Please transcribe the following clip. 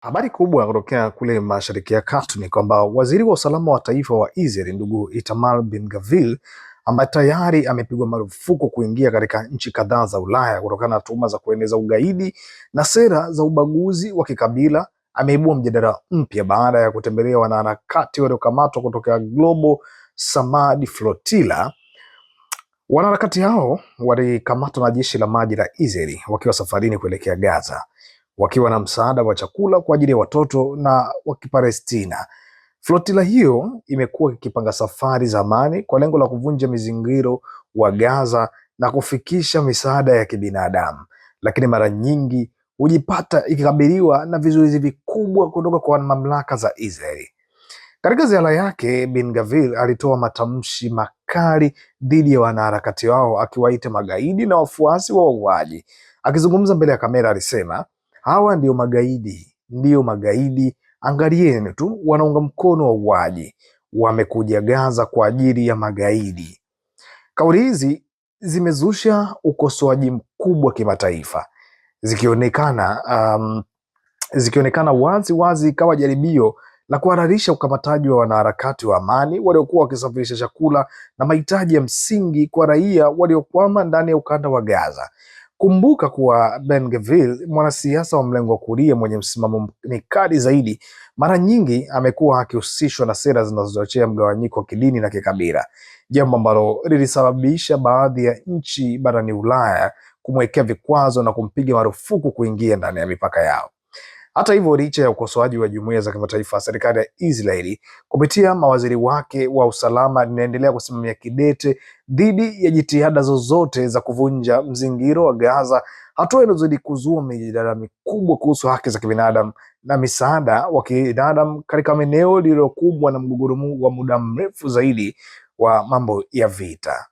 Habari kubwa kutokea kule Mashariki ya Kati ni kwamba waziri wa usalama wa taifa wa Israel ndugu Itamar Ben Gvir ambaye tayari amepigwa marufuku kuingia katika nchi kadhaa za Ulaya kutokana na tuhuma za kueneza ugaidi na sera za ubaguzi wa kikabila ameibua mjadala mpya baada ya kutembelea wanaharakati waliokamatwa kutoka Global Samadi Flotilla. Wanaharakati hao walikamatwa na jeshi la maji la Israel wakiwa safarini kuelekea Gaza wakiwa na msaada wa chakula kwa ajili ya watoto na wa Kipalestina. Flotila hiyo imekuwa ikipanga safari za amani kwa lengo la kuvunja mizingiro wa Gaza na kufikisha misaada ya kibinadamu, lakini mara nyingi hujipata ikikabiliwa na vizuizi vikubwa kutoka kwa mamlaka za Israeli. Katika ziara yake, Bin Gavir alitoa matamshi makali dhidi ya wanaharakati wao akiwaita magaidi na wafuasi wa wauaji. Akizungumza mbele ya kamera, alisema Hawa ndio magaidi, ndio magaidi. Angalieni tu, wanaunga mkono wa uaji, wamekuja Gaza kwa ajili ya magaidi. Kauli hizi zimezusha ukosoaji mkubwa kimataifa, zikionekana um, zikionekana wazi wazi kama jaribio la kuhalalisha ukamataji wa wanaharakati wa amani waliokuwa wakisafirisha chakula na mahitaji ya msingi kwa raia waliokwama ndani ya ukanda wa Gaza. Kumbuka kuwa Ben Gvir, mwanasiasa wa mlengo wa kulia mwenye msimamo mkali zaidi, mara nyingi amekuwa akihusishwa na sera zinazochochea mgawanyiko wa kidini na kikabila, jambo ambalo lilisababisha baadhi ya nchi barani Ulaya kumwekea vikwazo na kumpiga marufuku kuingia ndani ya mipaka yao. Hata hivyo, licha ya ukosoaji wa jumuiya za kimataifa, serikali ya Israeli kupitia mawaziri wake wa usalama linaendelea kusimamia kidete dhidi ya jitihada zozote za kuvunja mzingiro wa Gaza, hatua inazidi kuzua mijadala mikubwa kuhusu haki za kibinadamu na misaada wa kibinadamu katika maeneo lililokubwa na mgogoro wa muda mrefu zaidi wa mambo ya vita.